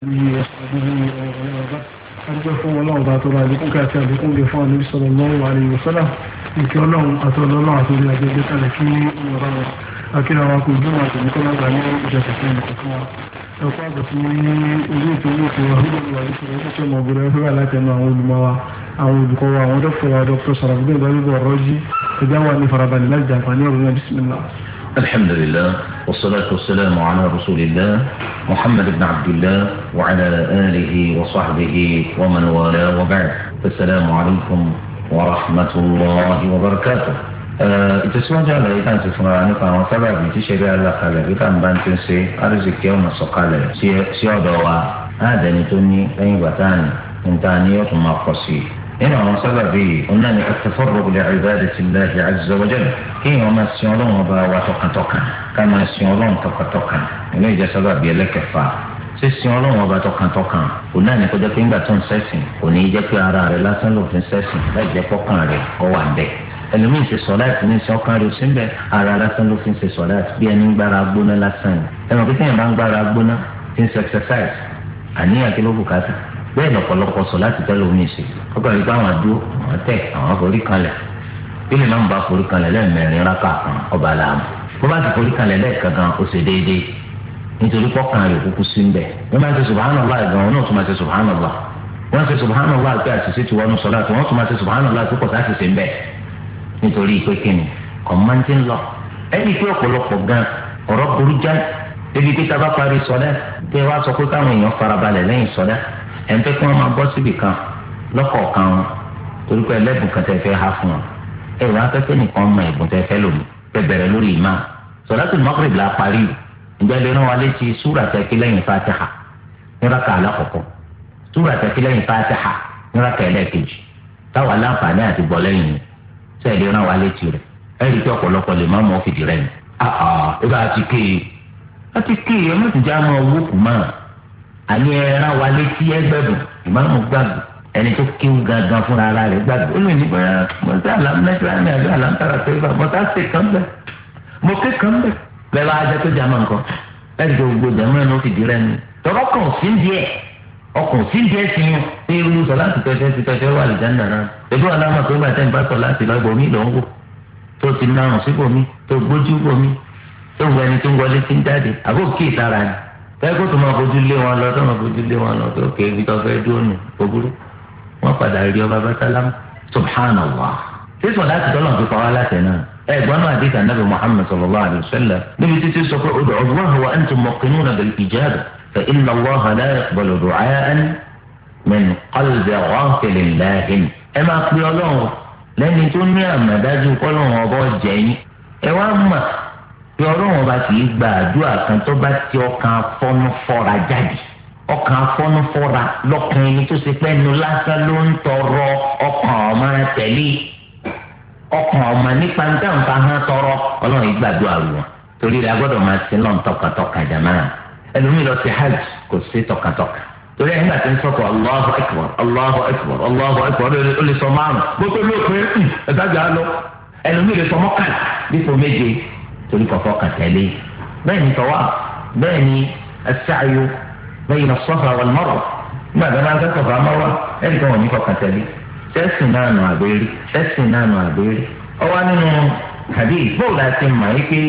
الحمد لله والصلاة والسلام على رسول الله محمد بن عبد الله وعلى آله وصحبه ومن والاه وبعد فالسلام عليكم ورحمة الله وبركاته ìtẹ̀síwájú àlàyé náà ti fúnra nípa àwọn sábàbí tí ṣẹ̀rí alákalẹ̀ bí táwọn bá ń tẹ́ ṣe àrísìkí ọ̀nà sọ̀kalẹ̀ sí ọ̀dọ̀ wa àádẹ́ni tó ní lẹ́yìn ìgbà tá à ní níta ni yóò tún máa pọ̀ sí i. nínú àwọn sábàbí ọ̀nà ni àtẹ̀fọ́rọ̀ ilẹ̀ ìbáàdì ti lẹ̀ ṣe àjùzọ́wọ́jẹ́ kéèyàn máa sin ọlọ́run ọba wa tọkàntọkàn ká máa sin ọlọ́run tọkàntọkàn ẹ̀mí ìjà sábà bíi ẹlẹ́kẹ̀fà sísìn ọlọ́run ọba tọkàntọkàn òun náà ní kó jẹ́ pé ńgbà tó ń sẹ́sìn kò ní í jẹ́ pé ara rẹ̀ lásán ló fi ń sẹ́sìn láì jẹ́ pọ́kàn rẹ̀ ọ wà ń bẹ̀ ẹlòmíì ṣe sọláàtì ní sọ ọkàn rẹ̀ ó sì ń bẹ ara lásán ló fi ń ṣe sọláàtì bí ẹni ń gbára gbóná lásán ni ẹnu pé téèyàn bá ń gbára gbóná ti ń ṣe exercise àníyàn kí ló bùkátà bẹ́ẹ̀ lọ́pọ̀lọpọ̀ sọláàtì tẹ́lẹ̀ omi ṣe ọkàn rẹ̀ báwọn dúró àwọn tẹ̀ àwọn forí kanlẹ̀ bí lè má ń ba forí kanlẹ̀ lẹ́ẹ̀mẹrin rákà kan ọba làámu nítorí kọkàn rẹ̀ kúkú sí ń bẹ̀ wọ́n máa ń ṣe subhanallah gan wọn náà tún máa ṣe subhanallah wọ́n ṣe subhanallah pé àṣìṣe ti wọnú sọ́lá tí wọ́n tún máa ṣe subhanallah pé kọ̀tà àṣìṣe ń bẹ̀ nítorí pé kíni kọ̀mọ́ntì ń lọ ẹni pé ọ̀pọ̀lọpọ̀ gan ọ̀rọ̀ burú já ebi pé tábà parí sọ́dá pé wàá sọ pé káwọn èèyàn farabalẹ̀ lẹ́yìn sọ́dá ẹ̀ ń pẹ́ kí wọ́n máa bọ́ síbì kan lọ́kọ̀ọ̀kan wọn torí pé ẹlẹ́bùn kan tẹ fẹ́ ha fún wọn ẹ̀rọ afẹ́fẹ́ nìkan mọ ẹ̀bùn tẹ fẹ́ lòmù bẹ̀bẹ̀rẹ̀ lórí ìmáà sọ̀dá tó ní mọ́kùnrin ìgbàlè náà wà létí súrà tẹ̀kí lẹ́yìn fatiha níraka alákọ̀ọ́kọ́ súrà tẹ̀kí lẹ́yìn fatiha níraka ẹlẹ́ẹ̀kejì táwọn aláǹfààní àti bọ̀ lẹ́yìn sẹ́ẹ̀lì náà wà létí rẹ̀ ẹ̀rí tí ọ̀pọ̀lọpọ̀ lè má mọ́ fìdí rẹ̀ yìí. àà ibà àti kéè àti kéè ẹ mọ̀tò já máa wó kù mọ́ àní ẹ̀rá wà létí ẹgbẹ́dùn ìmáàmù gbàgbọ́ ẹni tó kéwù gangan fúnra ara rẹ̀ gbàgbọ́ ó lè ní bọ́yá mọ̀tá àlámẹ́tìrán ní àjọ àlámẹ́tàrà tó yẹ bẹ́ẹ̀ bá jẹ́ pé jàmọ́ nǹkan láti fi gbogbo jàmọ́ náà ó fìdí rẹ̀ ni tọ́kọ́ kàn sí díẹ̀ ọkàn sí díẹ̀ sí ni pé irú sọ láti tọ́jọ́ sí tọ́jọ́ wà lìjà nàrà ebi wọn láwọn pé bàtẹ́ nípa sọ láti lọ ibòmí lọ ń wò tó ti narùn síbòmí tó gbójú bòmí tó wọ ẹni tó ń wọlé sí ń jáde àbó kí ìtara ni bẹ́ẹ̀ kó tó máa fojú lé wọn lọ tó máa fojú lé wọn lọ tó kéé ibi tó fẹ́ dúró nù gbogbo wọn padà rí ọba bàtàlámù subhanallah sísọ láti tọ́lọ̀ fi pa ẹ̀gbọ́n náà àdìsí anábì muhammed sallallahu alayhi wa sallam níbi títí sọ pé odò ọgbọ́n wa ń tún mọ̀kínú na bẹ̀rẹ̀ ìjáàbù fẹ́ iná wọ́n hàlẹ́ bọ̀lọ̀ dùn ayá ẹni mẹ́nu kọ́lùbẹ̀ ọ̀hánfẹ̀lẹ̀ láàhìn. ẹ máa pe ọlọ́run lẹ́ni tó ní àmàdájú kọ́lọ́run ọba ọ̀jẹ̀ yín ẹ wá mọ̀ pé ọlọ́run ọba kì í gba àdúrà kan tó bá ti ọkàn afọ́nú fọ́ra jáde ọkàn afọ́nú fọ́ra lọ́kàn ẹni tó ṣe pẹ́ẹ́nu lásán ló ń tọrọ ọkàn ọmọ tẹ̀lé ọkàn ọmọ nípa ń dáǹfà hàn tọrọ ọlọ́run yìí gbàdúrà wọn torí rẹ̀ agbọ́dọ̀ máa sin lọ́n tọkàntọkàn jàmáà ẹlòmíì lọ sí hajj kò sí tọkàntọkàn torí ẹ̀ nígbà tí ń sọ̀kọ̀ Allahu akbar Allahu akbar Allahu akbar ó lè sọ márùn gbogbo ló pé ẹ̀dájà lọ ẹlòmíì lè sọ mọ́kàlá dípò méje torí kọ̀ọ̀kọ̀ kàtẹ́lé bẹ́ẹ̀ ni tọ́wà bẹ́ẹ̀ ni as-sa'yu tẹ́sì náà nù àbẹ́rẹ́ tẹ́sì náà nù àbẹ́rẹ́ ọwọ́ nínú hadith bóòlù àti mọ̀ yìí pé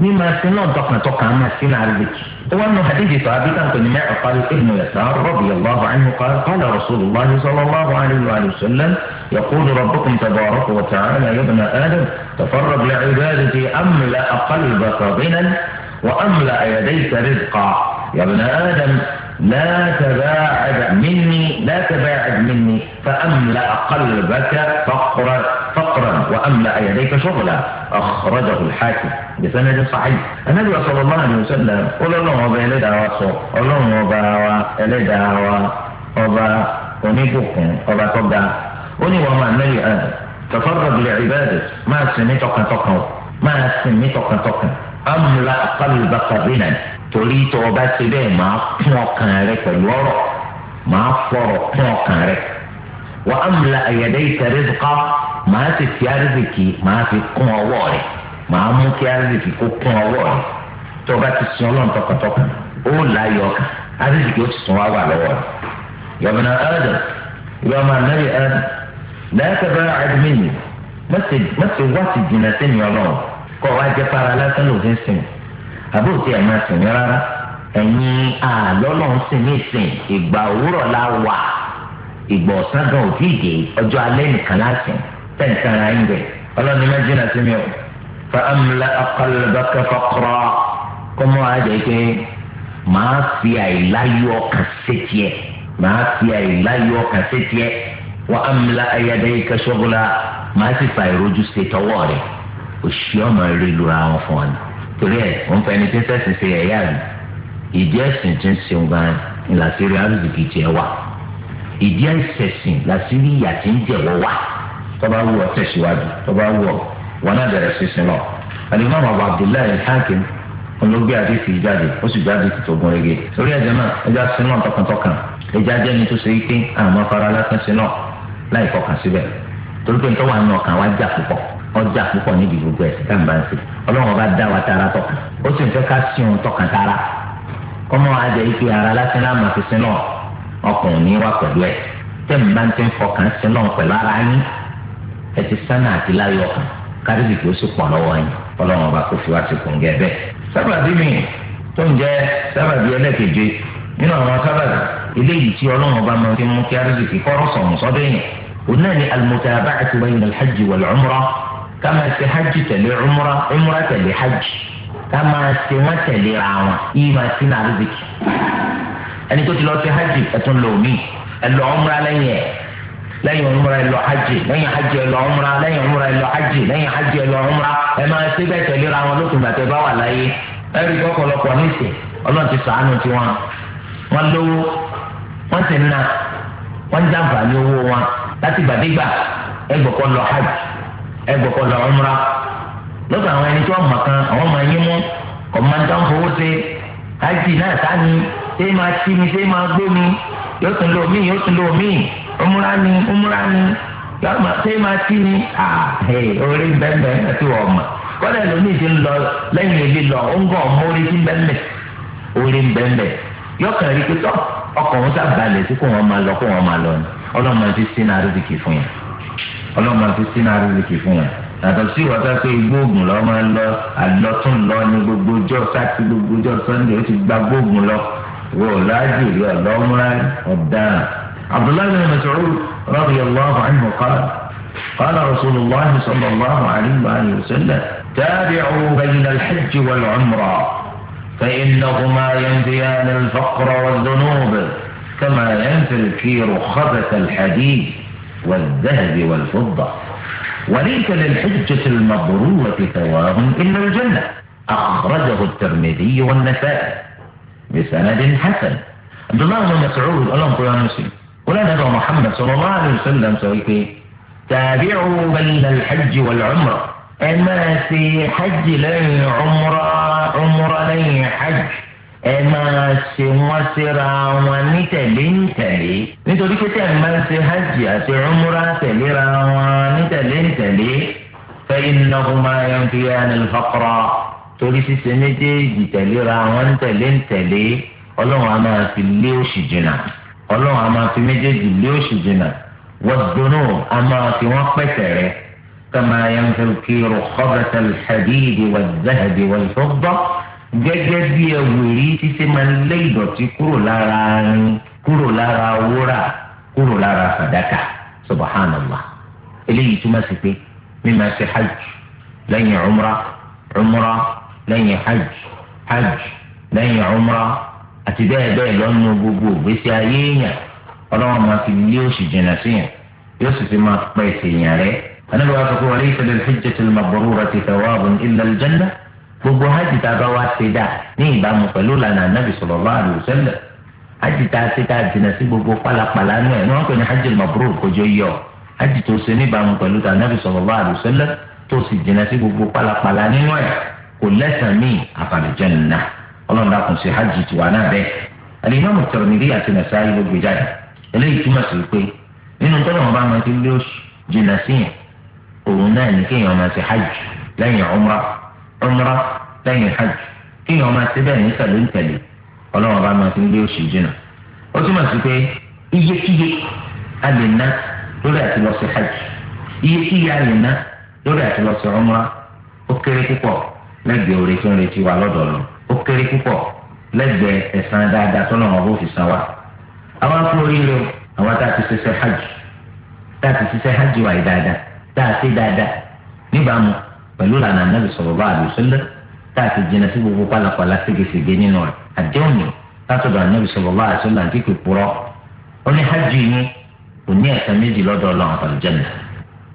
mímọ sí náà tọkàntọkàn á máa sí náà àrídìkì ọwọ́ nínú hadith sọ abíkan tó ní mẹ́rin parí ibnu yasar rọ́bì yàlláhu anhu qala rasulillah sallallahu alayhi wa sallam يقول ربكم تبارك وتعالى يا ابن آدم تفرغ لعبادتي أملأ قلبك غنى وأملأ يديك رزقا يا ابن آدم لا تباعد مني لا تباعد مني فأملأ قلبك فقرا فقرا وأملأ يديك شغلا أخرجه الحاكم بسند صحيح النبي صلى الله عليه وسلم قل الله أبا إلي دعوة الله أبا إلي دعوة أبا ونبوكم وما النبي آدم تفرد لعبادة ما سميتك تقن ما سميتك تقن أملأ قلبك غنى torí tó o bá ṣe bẹ́ẹ̀ máa kún ọkàn rẹ pẹ̀lú ọ̀rọ̀ máa fọ̀rọ̀ kún ọkàn rẹ wà á múlá ẹ̀yẹ̀dẹ́ ìtẹ̀rẹ́ dùkọ́ máa sì fi àrísìkì máa fi kún ọwọ́ rẹ máa mú kí àrísìkì kó kún ọwọ́ rẹ tó o bá ti sin ọlọ́run tọkàntọkàn ó láyọ̀ ọkàn àrísìkì ó ti sùn wá wà lọ́wọ́ rẹ yọ̀bùnà ẹ̀dẹ̀ ìwà máa nẹ́rì ẹ̀dẹ̀ lẹ́ẹ̀kẹ́bẹ̀rẹ̀ àdìmí àbóòtí ẹ̀ máa sìn mí rárá ẹ̀yin àlọ́lọ́ ń sìn mí sìn ìgbà òwúrọ̀ la wà ìgbà ọ̀sán gan òtí ìdè ọjọ́ alẹ́ nìkan láti tẹ̀sán ara ń bẹ̀ ọlọ́ni má jìnnà sí mi o fa amúlẹ̀ ọkọlẹ́bàkà fọkọrọ kó mọ́ àjẹ́ pé màá fi àìláyọ̀ ọkàn sétí màá fi àìláyọ̀ ọkàn sétí ẹ̀ wọ́n amúlẹ̀ ayẹyẹ kẹsọ́gbọ́lá màá sì fa ìrojú sétí rẹ̀ òṣìṣẹ́ ọmọ rẹ̀ lura wọn fún ọ ni torí ẹ̀ wọ́n fẹ́ ni pínpẹ́ sì ṣe ẹ̀yà mi ìdí ẹ̀sìn tí ń ṣeun gan ni làṣírí arúgbìkì tiẹ̀ wà ìdí ẹ̀sẹ̀sìn làṣírí ìyà tí ń jẹ̀wọ́ wà tọ́ba wù ọ tẹ̀síwájú tọ́ba wù ọ wọn náà bẹ̀rẹ̀ sísìn lọ. alimami abu abdullahi alhakim olóògbé àdìsí jáde ó sì jáde tó gun rege torí ẹ̀jẹ̀ náà ẹja sin náà tọkàntọkàn ẹja jẹ́ ni tó ṣe pé àwọn afárá lásán sin náà láì fọkàn síbẹ̀ torí pé nítorí wà nínú ọkàn wá jà púpọ̀ ọjà púpọ̀ níbi gbogbo ẹ̀sìn tá à ń bá ń ṣe ọlọ́run ọba dá wa tara tọkàn ó sì ń fẹ́ ká sí òun tọkàn tara kọ́mọ àjẹ́ ife ara lásán láàmà fi sin náà ọkùnrin ní wà pẹ̀lú ẹ̀ tẹ́ ń bá ń tẹ́ ń fọkàn sin náà pẹ̀lú ara yín ẹ ti sánà àti láyọ̀ ọkàn kárìbì kí sì pọ̀ lọ́wọ́ yín ọlọ́run ọba kò fi wá sí kòǹgẹ́ bẹ́ẹ̀. sábàbí mi tó ń jẹ́ sábàbí ẹlẹ́keje nínú àwọn sábàbí eléyìí tí ọlọ́run ọba máa fi mú kí kárìbì kí kọ́rọ̀ sọ̀rọ̀ òun náà ni al-mutaba'atu bayna al Kama se ṣe hajj tẹ̀lé umra umra tẹ̀lé hajj ká máa ṣe wọ́n tẹ̀lé ra wọn yìí máa sí náà ẹni tó ti lọ ṣe hajj ẹ̀tún lò mí ẹ haji umra haji ẹ̀ umra ẹ hajj lẹ́yìn hajj ẹ umra lẹ́yìn umra ẹ hajj lẹ́yìn hajj ẹ umra lókun bá wà láyé ti tiwọn wọn lówó wọn ẹgbọ̀kọ̀dọ̀ ọmọra lọ́dọ̀ àwọn ẹni tí wọ́n awọn kan àwọn ọmọ ẹni mú kọ̀mọ́ntà ń fowó ṣe ájì náà sáni ṣé máa tí mi ṣé máa gbó mi yóò tún lò míì yóò tún lò míì ọmọra ni ọmọra ni ṣé máa tí mi orí bẹ́ẹ̀ àti ọ̀mà kọ́lá ẹlòmíì ti ń lọ lẹ́yìn lọ ó ń gbọ́ ọmọ lọ kó wọn lọ ọlọ́mọ ti ọlọ́mọ tó sínú àríwísì fún wọn yàtọ̀ sí ìwọ́n sá pé gbóògùn lọ máa ń lọ àlọ́tún lọ ní gbogbo ọjọ́ sátì gbogbo ọjọ́ sunday ó ti gba gbóògùn lọ wò láàjì rí ọlọ́mọlá ọ̀daràn. abdullahi bin masoud radiyallahu anhu qala kala rasulillah sallallahu alayhi wa alayhi wa sallam tabi'u bayna al-hajj wal-umra فإنهما ينفيان الفقر والذنوب كما ينفي الكير khabata الحديد والذهب والفضة وليس للحجة المبرورة ثواب إلا الجنة أخرجه الترمذي والنسائي بسند حسن عبد الله بن مسعود اللهم صل على مسلم ولا ندعو محمد صلى الله عليه وسلم سويته تابعوا بين الحج والعمرة أما في حج لن عمرة عمرة لن حج ẹ máa ṣe wọ́n síra wọn ní tẹ̀lé ní tẹ̀lé nítorí pé tẹ̀ máa ṣe hajj àti umra tẹ̀léra wọn ní tẹ̀lé ní tẹ̀lé fa innahuma yanfiyani ní lọ́kọ́rọ́ torí ṣíṣe méjèèjì tẹ̀léra wọn ní tẹ̀lé ní tẹ̀lé ọlọ́run a máa fi lé oṣù jìnnà ọlọ́run a máa fi méjèèjì lé oṣù wọ́n wad-dhunub a máa fi wọ́n pẹ̀tẹ̀ rẹ kama yanfi al-kiru khabata al-hadid wal-dhahab gẹ́gẹ́ bí ẹwù èyí tí ṣe máa ń lé ìdọ̀tí kúrò lára arin kúrò lára wúrà kúrò lára fàdákà subhanallah eléyìí túmọ̀ sí pé mímọ̀ ṣe hajj lẹ́yìn umra umra lẹ́yìn hajj hajj lẹ́yìn umra àti bẹ́ẹ̀ bẹ́ẹ̀ lọ́nu gbogbo ìgbésí ayé èèyàn ọlọ́wọ́n máa fi lé oṣù jìnnà sí yóò sì fi máa pẹ́ ìsèyàn rẹ̀ anábìwá sọ pé wàlẹ́ ìfẹ́lẹ́ al gbogbo hajj tá a bá wá ṣe dà ní ìbámu pẹ̀lú lànà anábì sallallahu alaihi wasallam hajj tá a ṣe tá a jìnnà sí gbogbo pálapàla nù ẹ̀ ní wọ́n pè ní hajj mabrur kojú yọ hajj tó ṣe ní ìbámu pẹ̀lú tà anábì sallallahu alaihi wasallam tó sì jìnnà sí gbogbo pálapàla nínú ẹ̀ kò lẹ́sàn-án míì àfàlùjẹ́nìna ọlọ́run dákun sí hajj tiwa náà bẹ́ẹ̀ alimami Tirmidhi àti umrah umra lẹ́yìn hajj kí èèyàn máa ti bẹ ní tẹ̀lé ń ọba máa o ń gbé oṣù jìnnà ó túmọ̀ sí pé iyekíye lórí àti lọ sí hajj iyekíye a lórí àti lọ sí ó kéré púpọ̀ tó ń retí wa ó kéré púpọ̀ dáadáa tó hajj tá a hajj wáyé dáadáa tá a ṣe dáadáa níbàámu pẹ̀lú lànà nàbì sallallahu alaihi wasallam tá a ti jìnnà sí gbogbo pálapàla ségesège nínú rẹ̀ àdéhùn ni látọ̀dọ̀ nàbì sallallahu alaihi wasallam àti kìkúrọ́ ó ní hajj yín kò ní ẹ̀sán méjì lọ́dọ̀ ọlọ́run àtàlùjẹ́nà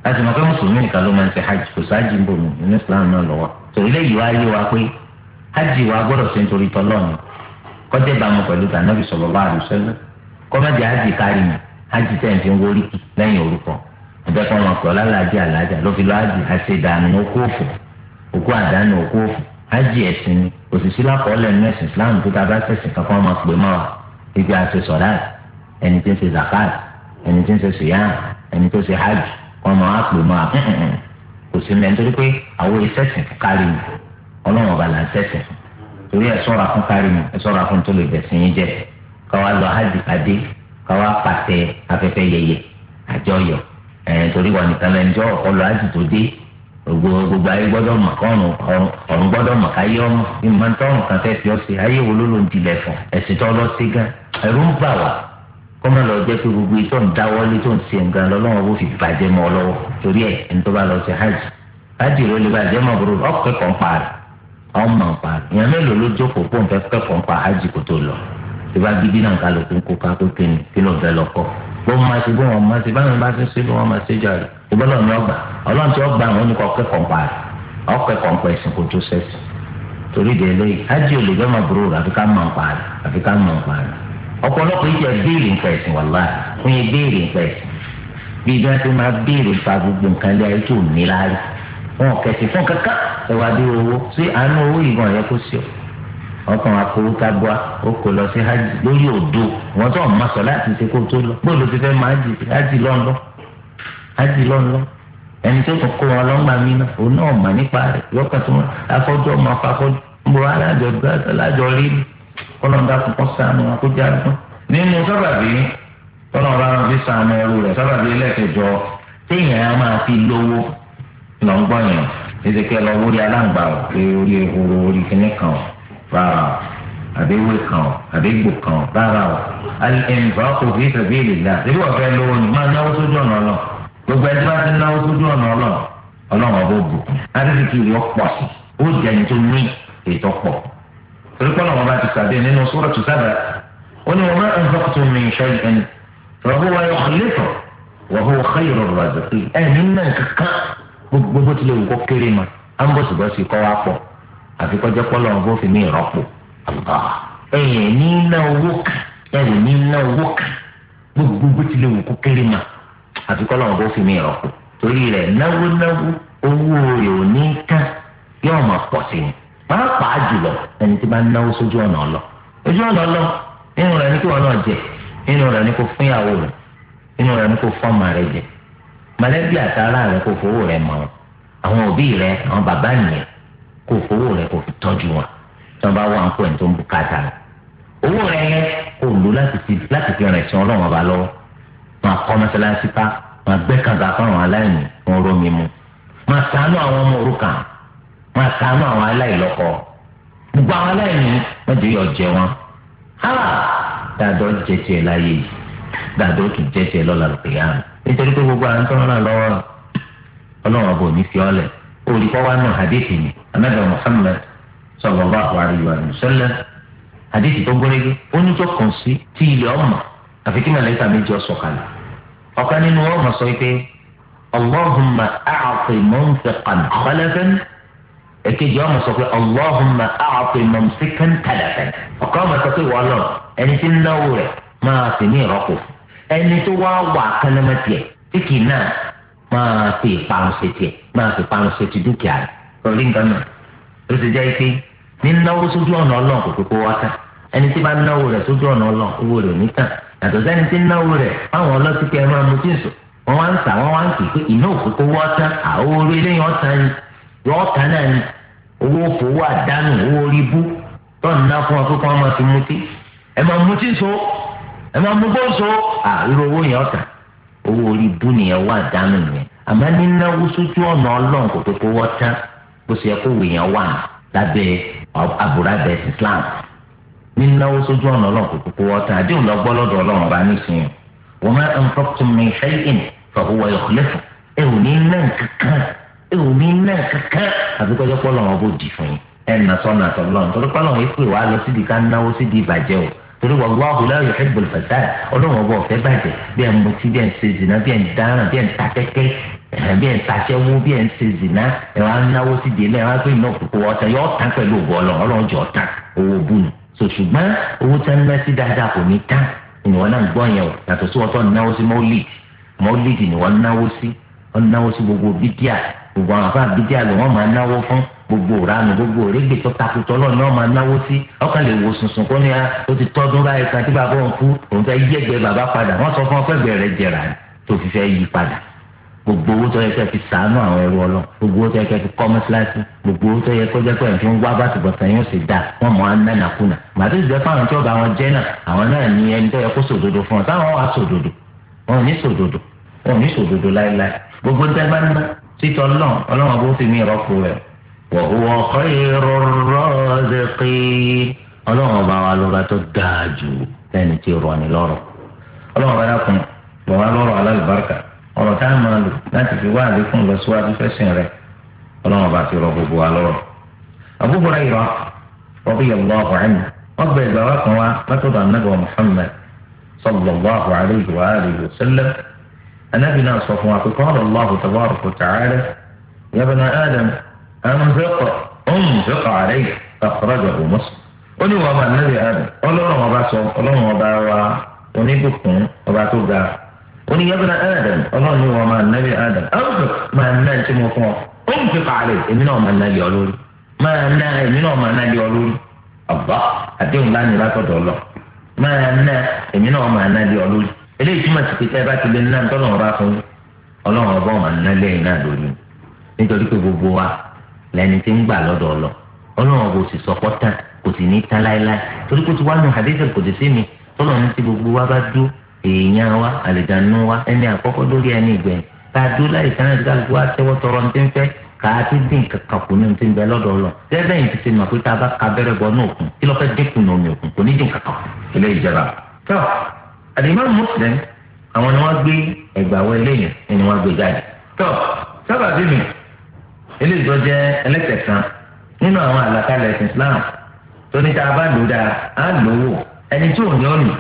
láti mọ̀ pé mùsùlùmí nìkan ló máa ń ṣe hajj kò sáájì ń bò mí ní islam náà lọ́wọ́ tó ilé yìí wáá wa pé hajj wa gbọ́dọ̀ ṣe nítorí tọ́lọ́run kọ́jẹ́ ìbámu pẹ̀lú tànàbì sallallahu alaihi wasallam kọ́mẹ́jì hajj kárí hajj tẹ̀ ń fi ń wórí lẹ́yìn orúkọ ẹjẹ kan máa pọ̀ lálàájì àlàájà ló fi láàjì àṣedànù okú òfò okú àdánù okú òfò ájì ẹ̀sìn ni òṣìṣẹ́ lákọọ́lẹ̀ ní ẹ̀sìn Islam tó ta bá ṣẹ̀sìn kankan máa pè mọ́ wa ibi àṣẹ sọ̀láàt ẹni tí ń ṣe zakat ẹni tí ń ṣe siyam ẹni tó ṣe hajj wọn máa wá pè mọ́ wa kò sí mẹ́ nítorí pé àwọn ìṣẹ̀sìn kárí mi ọlọ́run ọba là ń ṣẹ̀sìn torí ẹ̀ fún kárí mi ẹ̀ fún tó lè bẹ̀sìn yín jẹ́ káwa lọ hajj pàdé káwa pàtẹ afẹ́fẹ́ yẹyẹ àjọyọ̀ ẹ̀ torí wà nìkan lẹ́nu tí ọ̀pọ̀lọ àti tó dé gbogbo gbogbo ayé gbọ́dọ̀ mọ̀ kọ́run ọ̀run gbọ́dọ̀ mọ̀ káyé ọmọ ní mọ̀ tọ́run kan fẹ́ fi ọ̀sẹ̀ ayé wo ló ló ń dilẹ̀ fún ẹ̀sìn tó lọ sí gan ẹ̀rú ń bà wá kọ́mọ lọ jẹ́ pé gbogbo ìtọ́ ń dáwọ́lé tó ń ṣe nǹkan lọ́lọ́wọ́ bó fi bàjẹ́ mọ́ ọ lọ́wọ́ torí ẹ̀ ẹni tó bá lọ sí hajj hajj ló lè bàjẹ́ mọ́ bòrò ọ̀kẹ́kọ̀ọ́ ń pa rẹ̀ ọmọ ń pa rẹ̀ ìyàn mélòó ló jókòó pọ̀ ń fẹ́ kẹ́kọ̀ọ́ ń pa hajj kó tó lọ tí bá bíbí náà kálukú ń kó ká pé kí kí ló ń fẹ́ lọ bó wọn máa ṣe bó wọn máa ṣe báwọn bá ṣe ṣe bó wọn máa ṣe jà rẹ ìbọn náà ni ọgbà ọlọ́run tí ọgbà àwọn oníkọ kẹ́kọ̀ọ́ pa rẹ ọkọ̀ ẹ̀kọ́ ẹ̀sìn kò tó sẹ́sì torí de eléyìí ájì olè bẹ́ẹ̀ máa burú rẹ àfi ká mọ̀ ń pa rẹ àfi ká mọ̀ ń pa rẹ ọ̀pọ̀lọpọ̀ ìjà béèrè nǹkan ẹ̀sìn wàlá fún yẹn béèrè nǹkan ẹ̀sìn bí ọkàn akọwúta gbá oko kò lọ sí hajj lórí òdo wọn tó ọmọ sọ láti ṣe kó tó lọ bóòlù ti fẹ́ máa hajj lọ́nlọ́ hajj lọ́nlọ́ ẹni tó kọ kó wọn lọ́ngbà mí náà òun náà mọ̀ nípa rẹ̀ yọkàn tó afọ́jú ọmọ afọ́jú mo wá lájọ gbá lájọ rí kọ́lọ́ńdà kọ́kọ́ sànù àkójá gbọ́n. nínú sábàbí tọ́lọ́run bá wọn fi sànù ẹrú rẹ̀ sábàbí ẹlẹ́kẹjọ téèyàn á máa fi lówó lọ́ngbọ̀nyàn ètò kẹ́ lọ aláǹgbà ò rárá o àbẹ̀wé kan o àbẹ̀gbò kan o rárá o ẹnìfà kò fi tàbí ìlà síbí wọ́n fẹ́ lówó ni máa náwó sójú ọ̀nà ọlọ́ gbogbo ẹni tí wọ́n ti náwó sójú ọ̀nà ọlọ́ ọlọ́run ọ̀bọ̀ bù adébíkì yọ pọ̀ sí ó jẹ́ ẹni tó ní ètò pọ̀ torí pọ́n àwọn bá ti pàdé nínú sórọ̀tù sábà ó ní wọn máa ń fọ́kùtù mi ìṣọ́ ẹni rọ̀bù wa yọ lẹ́tọ̀ wọ́n fọwọ́ xeyìrò rọ̀bù ẹni náà kankan gbogbo tilẹ̀ wù kéré ma á kọ́ wa pọ̀ àfikọ́jọ́ pọ́lọ́ wọn bó fi mí rọ́pò ẹ̀yìn ní iná owó kan ẹ̀yìn ní iná owó kan gbogbo bó tilẹ̀ wù kó kéré ma àfikọ́lọ́ wọn bó fi mí rọ́pò torí rẹ̀ náwó náwó owó rẹ̀ ò ní tán yóò máa pọ̀ sí ni pàápàá jùlọ ẹni tí bá náwó sójú ọ̀nà ọlọ ojú ọ̀nà ọlọ inú rẹ̀ ní kí wọn náà jẹ inú rẹ̀ ní kó fún ìyàwó rẹ̀ inú rẹ̀ ní kó fún ọmọ rẹ̀ jẹ mọ̀lẹ́bí àtàrà rẹ̀ kó fowó rẹ̀ mọ́ àwọn òbí rẹ̀ àwọn bàbá nìyẹn kó owó rẹ kó tọ́jú wọn tí wọ́n bá wà ń pọ̀ ní tó ń bùkátà rẹ̀ owó rẹ yẹn kò lò láti fi láti fi rìn sí ọlọ́run ọba lọ́wọ́ máa kọ́ mọ́sálásí pa máa gbẹ́ kànga fáwọn aláìní wọn rómi mu máa ṣàánú àwọn ọmọ òrukàn máa ṣàánú àwọn aláìlọ́kọ gbogbo àwọn aláìní wọ́n jẹ́ yọ jẹ wọn dàdọ́ jẹ́jẹ́ láyé yìí dàdọ́ tún jẹ́jẹ́ lọ́la lọ́kẹ́yà nítorí pé gbogbo àwọn tó ń ràn lọ́wọ́ ọlọ́run ọba ní fi ọ́ olùkọ́ wa nù hadithi ni anabi muhammed sallallahu alayhi wa sallam hadithi tó gbórígé oníjọ kan sí tí ilẹ̀ ọmọ àfi kí màlẹ́kà méjì ọ̀sọ̀ kalẹ̀ ọ̀kan nínú ọmọ sọ pé allahumma a'ti munfiqan khalafan èkejì ọmọ sọ pé allahumma a'ti mumsikan talafan ọ̀kan ọmọ sọ pé wọ́n lọ ẹni tí ń náwó rẹ̀ máa sì ní ìrọ́pò ẹni tó wá wà kálámẹ́tì ẹ̀ tí kì í náà máa fi ìparun ṣe tiẹ̀ máa fi ìparun ṣe ti dúkìá rẹ̀ lórí nǹkan náà ló ti jẹ́ pé nínáwó sójú ọ̀nà ọlọ́run kò kókó wá tán ẹni tí bá náwó rẹ̀ sójú ọ̀nà ọlọ́run owó rẹ̀ ní tán yàtọ̀ sẹ́ni tí náwó rẹ̀ fáwọn ọlọ́sí kẹ́ máa mú tí ń sùn wọ́n wá ń sà wọ́n wá ń kì í pé ìná òkókó wọ́ tán àwọn orí eléyìí ọ̀tá ni yọ̀ ọ̀tá náà ni owó fowó àdánù owó orí bú tọ́ọ̀nù náà fún ọkọ̀ kan máa fi mutí owó orí dúnìyàn wà dánù yẹn àmọ́ nínáwó sójú ọ̀nà ọlọ́run kò tó kó wọ́n tán bó ṣe yẹ kó wèèyàn wà lábẹ́ àbúradà Islam nínáwó sójú ọ̀nà ọlọ́run kò tó kó wọ́n tán àdéhùn lọ́gbọ́ lọ́dọ̀ ọlọ́run bá nísìnyí wa ma anfaqtum min shay'in fa huwa yukhlifu ẹ ò ní náà kankan ẹ ò ní náà kankan àbíkọ́jọ́ pọ́ lọ́wọ́ bó dì fún yín ẹ̀ nà sọ́nà àtọ̀ lọ́run torí pọ́ lọ́run yìí pè wá lọ torí wàlúwàhù láàyò ẹgbẹ fàtà ọlọ́run ọba ọ̀fẹ́ bàjẹ́ bí ẹ̀ ń mutí bí ẹ̀ ń ṣe zìnà bí ẹ̀ ń dáràn bí ẹ̀ ń ta kẹ́kẹ́ bí ẹ̀ ń taṣẹ́wó bí ẹ̀ ń ṣe zìnà ẹ̀ wá náwó sí délé ẹ̀ wá pé iná òkùnkùn ọ̀tá yọ ọ̀tán pẹ̀lú ògbọ́ ọlọ́run ọlọ́run jọ owó bùnú so ṣùgbọ́n owó tẹ́ ń ná sí dáadáa kò ní tán ìwọ̀n náà gbọ́ yẹn o yàtọ̀ sí ọtọ́ náwó sí mọ́lìd mọ́lìd ni náwó sí wọ́n náwó sí gbogbo bídíà gbogbo àwọn afá bídíà ló máa náwó fún gbogbo ìranù gbogbo òrégbè tó takò tọ́lọ̀ ní ọmọ anáwó sí ọkàn lè wo sùnsùn kó ní o ti tọ́dún báyìí kan tí bàbá òun kú òun fẹ́ yí ẹgbẹ́ bàbá padà wọ́n sọ fún ọ pẹ́gbẹ́ rẹ jẹrà tó fi fẹ́ yí padà gbogbo owó tó yẹ kẹ́ fi sàánú àwọn ẹrú ọlọ gbogbo owó tó yẹ kẹ́ fi kọ́ mọ́síláṣí gbogbo owó tó yẹ kó jẹ́ pé ẹ̀fín wá bàtìbọ̀tà yóò sì dà wọ́n mọ̀ á nánàkúnà màtí ìjẹ́ fáwọn tí ọba wọn jẹ́ náà àwọn náà ní ẹni tó yẹ kó sòdodo fún ọ táwọn wà sòdodo wọn ní sòdodo wọn ní sòdodo láéláé gbogbo ń tẹ́ bá ń bá títọ́ ọlọ́run ọlọ́run àbó fi mí rọ́pò rẹ̀ wa huwa khayrur raziqin ọlọ́run ọba wa lọ́ba tó dáa jù lẹ́ni tí ó rọ̀ni lọ́rọ̀ ọlọ́run ọba dákun lọ́wọ́ lọ́rọ̀ alálùbáríkà ọ̀rọ̀ tá a máa lò láti fi wá àlékún lọ síwájú fẹ́sìn rẹ̀ ọlọ́run ọba ti rọ gbogbo wa lọ́rọ̀ Abu Hurayra radiyallahu anhu ọgbà ẹgbà wa kan wa látọ̀dọ̀ anábì Muhammad sallallahu alayhi wa alihi wa sallam anábì náà sọ fún wa pé qala Allahu tabaraka wa ta'ala ya bani Adam أنفق أنفق عليه أخرجه مسلم ó ní wọn máa nábì adam ọlọ́run ọba sọ ọlọ́run ọba wa oníbùkún ọba tó ga ó ní yẹ́bùnà adam ọlọ́run ní wọn máa nábì adam ọ̀bùn máa ná lọ máa ná èmi náà máa nábì ọ lórí eléyìí túmọ̀ sí lẹni tí ń gbà lọ́dọ̀ ọlọ ọlọ́run kò sì sọpọ tán kò sì ní tán láéláé torí kò ti wá nu hadith kò ti sí mi tọlọ ní gbogbo wa bá dú èèyàn wa àlejànú wa ẹni àkọ́kọ́ lórí ẹni ìgbẹ̀yìn ká dú láì sáré ti kálukú wa tẹ́wọ́ tọrọ ní ti ń fẹ́ ká a ti dín kankan kù ní ti ń bẹ lọ́dọ̀ ọlọ tẹsẹ yìí ti ti mọ̀ pé tá a bá ka bẹ̀rẹ̀ bọ ní òkun kí ló fẹ́ dínkù ní omi òkun kò ní dín kankan ilé ìjọba. tó àdìmọ́ Muslim àwọn ni wọ́n gbé ẹgbàá wọlé yẹn ni wọ́n gbé jáde. tó sábà bí mi eléyìí tó jẹ́ ẹlẹ́kẹ̀kan nínú àwọn àlàkalẹ̀ ẹ̀sìn Islam tó ní tá a bá lò dáa á lò wò ẹni tí ò ní òní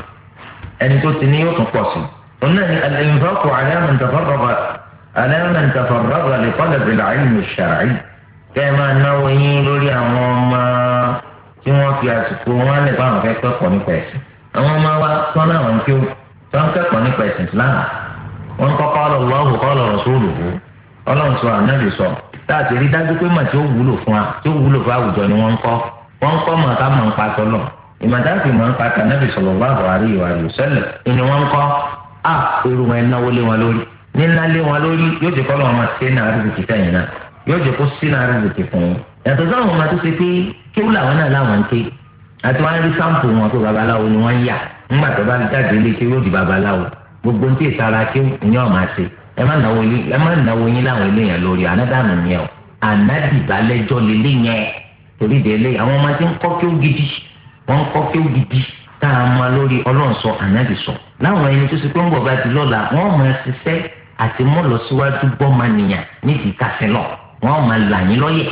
ẹni tó ti ní yóò tún pọ̀ sí. òun náà ni al-infaqu ala man tafarraga ala man tafarraga li talabi al-ilmi ash-shar'i kẹ́ ẹ máa náwó yín lórí àwọn ọmọ tí wọ́n fi àsìkò wọn lè fáwọn fẹ́ kẹ́kọ̀ọ́ nípa ẹ̀sìn àwọn ọmọ wa tán náà wọn kí wọn kẹ́kọ̀ọ́ nípa ẹ̀sìn Islam wọn kọ́ qala Allahu qala ọlọ́run sọ ànábì tá a sì rí dájú pé mà tí ó wúlò fún wa tí ó wúlò fún àwùjọ ni wọ́n ń kọ́ wọ́n ń kọ́ mọ̀ ká mọ̀ ń pa tọ́lọ̀ ìmọ̀tàkì mọ̀ ń pa tànàbì sallallahu alaihi wa sallam ni wọ́n ń kọ́ à irú wọn náwó lé wọn lórí níná lé wọn lórí yóò jẹ́ kọ́lọ́ ọmọ sí náà rìbìtì sẹ́yìn náà yóò jẹ́ kó sí náà rìbìtì fún yín yàtọ̀ sáwọn ọmọ tó ṣe pé kéwù làwọn náà láwọn ń ké àti wọn rí sáǹpù wọn pé babaláwo ni wọ́n ń yà ńgbà tó bá jáde lé kéwù ó di babaláwo gbogbo ní ìtara kéwù ni ọ̀ máa ṣe ẹ má náwó yín ẹ má náwó yín láwọn ilé yẹn lórí ànádànù yẹn o ànádìbálẹ́jọ́ lélẹ́ yẹn torí délé àwọn ọmọ ń kọ́ kí ó gidi wọ́n ń kọ́ kí ó gidi tá a máa lórí ọlọ́run sọ ànádì sọ láwọn ẹni tó ṣe pé ń bọ̀ bá ti lọ́la wọ́n máa ṣiṣẹ́ àti mọ́lọ́síwájú gbọ́mọnìyàn nídìí kàfin lọ wọ́n máa là yín lọ́yẹ̀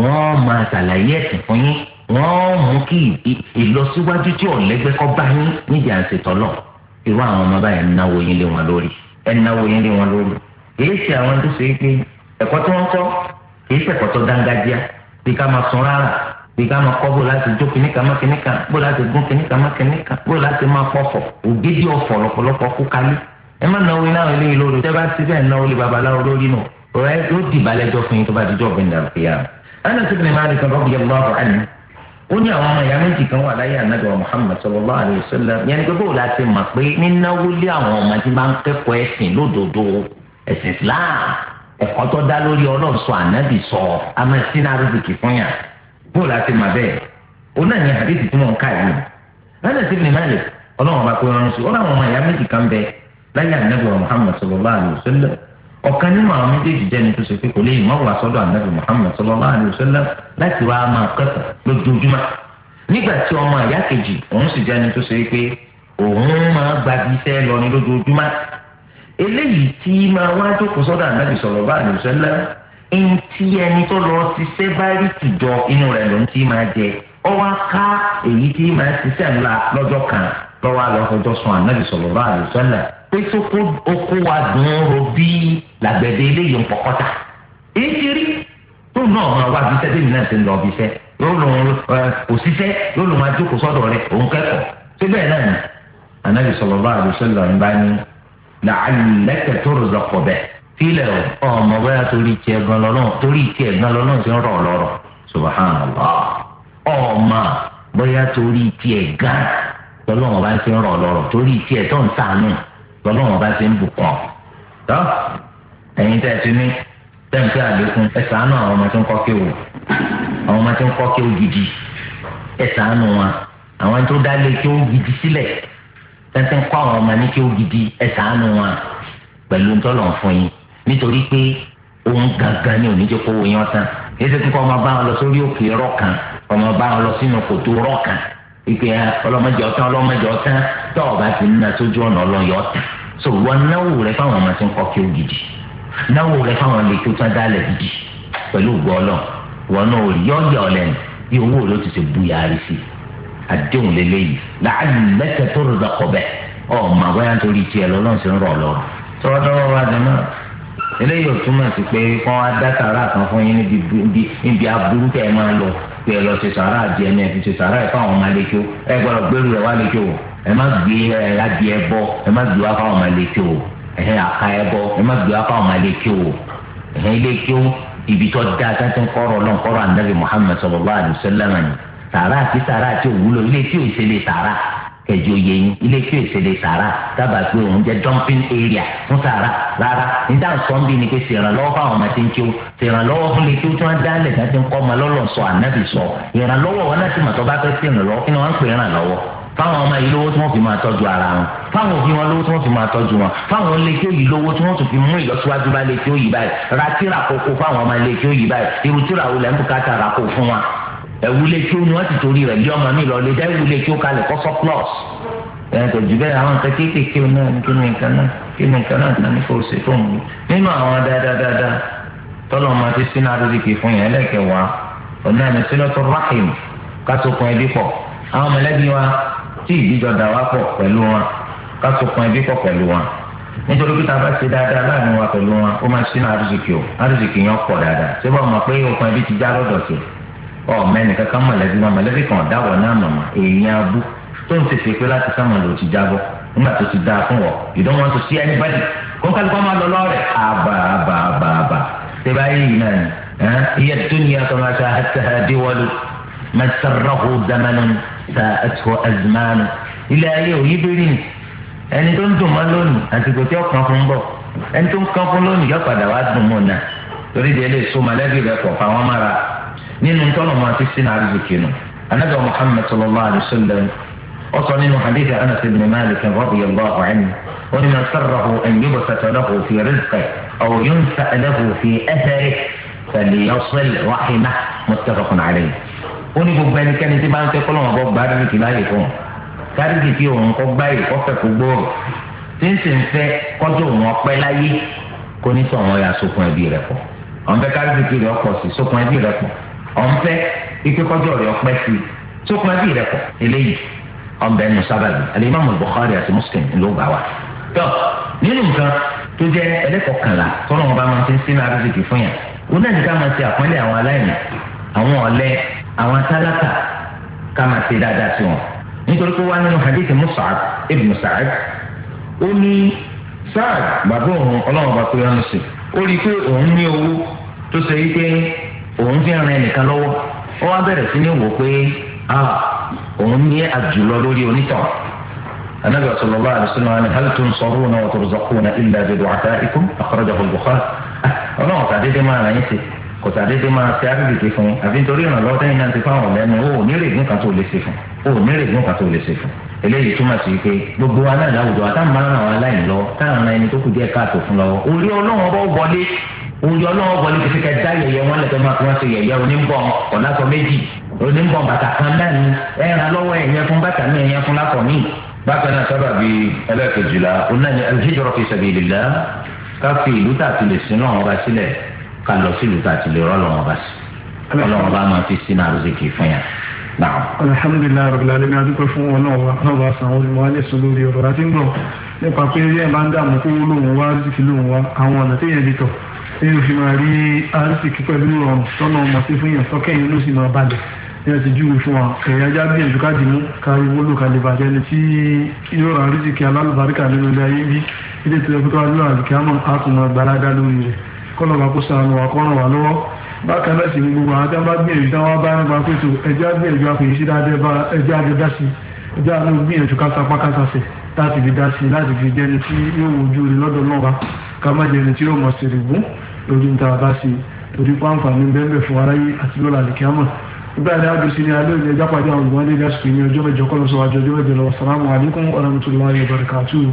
wọ́n máa ṣàlàyé ẹ̀sìn fún yín wọ́n mú kí ìlọsíwájú tí ọ̀lẹ́gbẹ́kọ́ bá yín nídìí à lọ irú àwọn ọmọ báyìí náwó yín lé wọn lórí ẹnáwó yẹn lé wọn lórí kìí ṣe àwọn tó ṣe é pé ẹ̀kọ́ tí wọ́n kọ́ kìí ṣẹ̀kọ́ tó dángájíá bí ká máa sun rárá bí ká máa kọ́ bó láti jó kìnìkà má kìnìkà bó láti gún kìnìkà má kìnìkà bó láti máa pọ̀fọ̀ ògidì ọ̀fọ̀ lọ́pọ̀lọpọ̀ kú kálí ẹ má náwó iná ilé yìí lórí tẹ́ bá ti bẹ́ẹ̀ náwó lé babaláwo lórí nù ọ̀rẹ́ yóò dìbàlẹ́jọ́ fún yín tó bá ti jọ́ ọ̀gbìn dàrú fìyà. ẹnì ó ní àwọn ọmọ ìyá méjì kan wà láyé ànábì wa muhammed sallallahu alayhi wa sallam yẹn ni pé bóòlù àti pé nínáwó lé àwọn ọmọ tí ń kẹ́kọ̀ọ́ ẹ̀sìn ẹ̀sìn islam ẹ̀kọ́ tó dá lórí ọlọ́run sọ ànábì sọ amẹ́sínà rúbìkì fún yà bóòlù àti mà bẹ́ẹ̀ ó náà ní àdéhùn tí kan bẹ láyé muhammed ọ̀kan nínú àwọn méjèèjì jẹ́ni tó ṣe pé kò lè mọ̀ wá sọ́dọ̀ ànábì Muhammad sallallahu alaihi wasallam láti wá máa kẹ́kọ̀ọ́ lójoojúmọ́ nígbà tí ọmọ àyá kejì òun sì jẹ́ni tó ṣe pé òun máa gbabi iṣẹ́ lọ ní lójoojúmọ́ eléyìí tí máa wá jókòó sọ́dọ̀ ànábì sallallahu alaihi wasallam ntí ẹni tó lọ ṣiṣẹ́ bá rí tìjọ inú rẹ̀ ló ń tí máa jẹ ọwọ́ ká èyí tí máa ṣiṣẹ́ ńlá lọ́jọ́ kan lọ́wọ́ àlọ́ pé sóko oko wa dùn ún ro bí làgbẹ̀dẹ eléyìí ń pọ̀kọ́ta èyí ti rí tó náà máa wá bí sẹ́dẹ̀ nínú ẹ̀sìn lọ́ọ́ bí sẹ́ yóò lò ó òṣìṣẹ́ yóò lò máa jókòó sọ́dọ̀ rẹ̀ òun kẹ́kọ̀ọ́ ṣé náà ni anabi sallallahu alaihi wasallam ń bá ní la'allaka turzaqu bihi fílẹ̀ ọmọ bẹ́ẹ̀ torí tiẹ̀ gan lọ́nà torí tiẹ̀ gan lọ́nà ti ń rọ̀ lọ́rọ̀ subhanallah ọmọ bóyá torí tiẹ̀ gan lọ́nà ọba ti ń rọ̀ lọ́rọ̀ torí tiẹ̀ tó ń sànù lọ́nà wọn bá ti ń bùkọ́ tọ́ ẹ̀yin tẹ́ ẹ ti ní tẹ́ǹtì àlékún ẹ àwọn ọmọ tó ń kọ́ kí àwọn ọmọ tó ń kọ́ kí gidi ẹ wọn àwọn tó dá kí o gidi sílẹ̀ tẹ́ǹtì ń kọ́ àwọn ọmọ ní kí o gidi ẹ wọn pẹ̀lú ntọ́lọ̀ fún yín nítorí pé òun gangan ni òní jẹ́ kó wọ́n yán tán èsì kíkọ́ ọmọ bá wọn lọ sórí tọ́ ọba ti ń na sójú ọ̀nà ọlọ́yọ̀ ọ̀tà so wọn náwó rẹ fáwọn ọmọ tí ń kọ́ kí ó gidi náwó rẹ fáwọn lè kí ó tán dálẹ̀ gidi pẹ̀lú ògbọ́ ọlọ́ wọn náà yọ ọ̀yà ọ̀lẹ́nu bí owó rẹ ó ti ṣe buyàrí sí àdéhùn lélẹ́yìí làálùmẹ́tẹ̀ tó rọ̀ dọ̀kọ̀bẹ̀ ọ̀ọ́mà bóyá nítorí tiẹ̀ lọ́lọ́run ti ń rọ̀ lọ́rùn tọ́wọ́dọ́wọ́ wa dẹ̀ náà eléyìí ò túmọ̀ sí pé kọ́ ẹ lọ ṣe sàrà àdìẹ náà ẹ fi wá lẹ́kẹ́ ẹ má gbé ẹ adìẹ bọ ẹ má gbé wá fáwọn ọmọlẹ́kẹ o ẹ̀hẹ́n àka ẹ bọ ẹ má gbé wá fáwọn ọmọlẹ́kẹ o ẹ̀hẹ́n ilékẹ o ibi da sẹ́sẹ́ kọ́rọ̀ ọlọ́run kọ́rọ̀ ànábì Muhammad sallallahu alaihi wasallam ni sàrà àti sàrà àti òwúlò ilékẹ ò ṣe lè sàrà kẹjọ yẹyin ilékẹ ò ṣe lè sàrà dábàá pé òun jẹ dumping area fún sàrà rárá níta sọ́ńbì ni pé ṣèrànlọ́wọ́ fáwọn ọmọ tí ń kí o ṣèrànlọ́wọ́ fún lè kí o tí wọ́n dá lẹ̀ láti ń kọ́ ọmọ lọ́lọ́ sọ ànábì sọ ìrànlọ́wọ́ wọn láti mọ̀ tó bá fẹ́ ṣèrànlọ́wọ́ kí ni wọ́n ń pè é rànlọ́wọ́ fáwọn ọmọ yìí lówó tí wọ́n fi máa tọ́jú ara wọn fáwọn òbí wọn lówó tí wọ́n fi máa tọ́jú wọn fáwọn iléeṣẹ́ yìí lówó tí wọ́n tún fi mú ìlọsíwájú bá iléeṣẹ́ òyì báyìí ra tíra fáwọn ọmọ iléeṣẹ́ òyì báyìí irú tíra wo lẹ́nu ra kó fún wa ẹ̀wù iléeṣẹ́ ni wọ́n ti torí rẹ̀ lé ọmọ mi lọ lé dá ẹ̀wù iléeṣẹ́ kalẹ̀ kọ́sọ́ plus ẹ̀ẹ́dẹ̀jú bẹ́ẹ̀ àwọn nǹkan kéékèèké náà ní kí ni nǹkan náà kí ni nǹkan náà ní kò ṣe fún mi nínú àwọn dáadáa tọ́lọ́ máa ti sínú àdúgbò fún yẹn ẹlẹ́kẹ̀wá ọ̀nà ìmọ̀sílẹ̀ tó rákìm kátó kun ẹbí pọ̀ àwọn mọ̀lẹ́bí wa tí ìdíjọ dà wá pọ̀ pẹ̀lú wọn ká sokun ẹbí pọ̀ pẹ̀lú wọn nítorí pé tá a bá ṣe dáadáa láàrin wa pẹ̀lú wọn ó máa ṣe ní o àrùsìkì yẹn pọ̀ dáadáa ṣé báwọn mọ̀ pé okun ẹbí ti já lọ́dọ̀ sí ọ mẹ́ni kankan mọ̀lẹ́bí wọn mọ̀lẹ́bí kan dáwọ̀ náà mọ̀mọ́ tó ń tètè pé láti sáwọn lò ti nígbà tó ti dáa fún wọ máa lọ ساءته أزمان إلى يوم يبرين أنتم دمان لون أنتم كافون بو أنتم كافون لون يقع دوات دمونا تريد إلي سوما لدي لكو فوامارا نينو تولو ما تسين عرزكينو أنا دو محمد صلى الله عليه وسلم أصلا نينو حديث أنس بن مالك رضي الله عنه ومن سره أن يبسط له في رزقه أو ينفع له في أثره فليصل رحمه متفق عليه ó ní gbogbo ẹnikẹ́ni tí máa ń fẹ́ kọ́lọ́wọ́n kọ́ gbá dáríkì láàyè fún un dáríkì tí òun kọ́ gbá yìí kọ́ fẹ́ kó gbòòrò tí ń sì ń fẹ́ kọ́jọ́ òun ọpẹ́ láyé kó ní sọ àwọn ya sókun ẹbí rẹ̀ pọ̀ ọ̀n fẹ́ dáríkì rẹ̀ ọkọ̀ sí sókun ẹbí rẹ̀ pọ̀ ọ̀n fẹ́ ikú kọ́jọ́ rẹ̀ ọpẹ́ sí sókun ẹbí rẹ̀ pọ̀ eléyìí ọ̀nbẹ nù sábàbí alimami Bukhari àti Muslim ló gbà wá. tó nínú nǹkan tó jẹ́ ẹlẹ́kọ̀ọ́kànlá tọ́lọ́mọba máa ti ń sínú àrísìkì fún yàn ó náà ní ká máa ti àpọ́nlé àwọn aláìní àwọn ọ̀lẹ́ àwọn tálákà ká máa ṣe dáadáa sí wọn nítorí pé wá nínú hadith Musaad ibn Sa'ad ó ní Sa'ad bàbá òun ọlọ́run bá pé ọ́n sí ó rí i pé òun ní owó tó ṣe yí pé òun fi ràn ẹnìkan lọ́wọ́ ó wá bẹ̀rẹ̀ sí ní wò pé òun ní àjùlọ lórí onítàn النبي صلى الله عليه وسلم هل تنصرون وترزقون بدعائكم البخاري ما kò sàdédé máa ṣe àrídìkì fún àfi nítorí ìrànlọ́wọ́ tẹ́yìn náà ti fáwọn ọ̀lẹ́nu ó ní règùn kan tó lè ṣe fún ó ní règùn kan tó lè ṣe fún eléyìí túmọ̀ sí pé gbogbo wa náà láwùjọ àtàwọn máa ń ràn wá láì lọ táwọn ẹni tó kù díẹ̀ káàtó fún lọ́wọ́ orí ọlọ́run bọ́ wọlé orí ọlọ́run wọlé ti fi ká dá yẹ̀yẹ́ wọn lẹ́tọ́ máa fi wọ́n ṣe yẹ̀yẹ́ oníbọ̀n ọ̀làsọ méjì oníbọ̀n bàtà kan náà ni ẹ̀ràn lọ́wọ́ ẹ̀yẹ fún bàtà mi ẹ̀yẹ fún lákọ̀ mi. bákan náà sábà bíi ẹlẹ́kejìlá onáyẹ alhijra fi sabilillah ká fi ìlú tàbí lè sin náà ọba sílẹ̀ ká lọ sílùú tá a ti lè rọ́ọ̀lù wọn bá sí ọlọ́wọ́n bá máa fi sínú àrùsíkì fún yà. alhamdulilayi rabil alamin adúpẹ́ fún wọn náà wà náà wà sàn wọn wà ní sùn lórí ọ̀rọ̀ àti ń bọ̀ nípa pé yẹn bá ń dààmú kó lóun wá àrùsíkì lóun wá àwọn ọ̀nà téèyàn lè tọ̀ èyí fi máa rí àrùsíkì pẹ̀lú ọ̀rùn tọ́nà ọmọ sí fún yàn tọ́kẹ́yìn ló sì máa balẹ̀ yẹn ti júwe fún wa ẹ̀yà ajá bí ẹ̀jú káàdì mú ká ìwúlò kalẹ̀ bàjẹ́ ni tí yóò ra àrùsíkì alálùbáríkà nínú ilé ayé bí ilé ìtura pípa àmọ́ àtùmọ̀ gbàládá lórí rẹ̀ kọ́nà bá kó sànù wa kọ́nà wa lọ́wọ́ bákan náà sì ni gbogbo àwọn táwọn bá gbìyànjú táwọn bá nípa pẹ̀tù ẹjọ́ gbìyànjú àpèyí sí dáadáa ẹjọ́ àjọdá sí ẹjọ́ àlọ́ gbìyànjú kásápá kásásẹ̀ láti fi dá sí láti fi jẹ́ni tí yóò wojú rẹ lọ́dọ̀ náà wá ká má jẹ́ni tí yóò mọ̀ sí rìbú lórí níta bá sí torí pàǹfààní bẹ́ẹ̀ fún aráyé àti lọ́la àlìkíámọ̀ nígbà tí a dùn sí ni alẹ́ òní ẹjọ́ pàdé àwọn olùwádìí lẹ́sùn ní ọjọ́ mẹ́jọ kọ́lọ́sọ̀ àjọ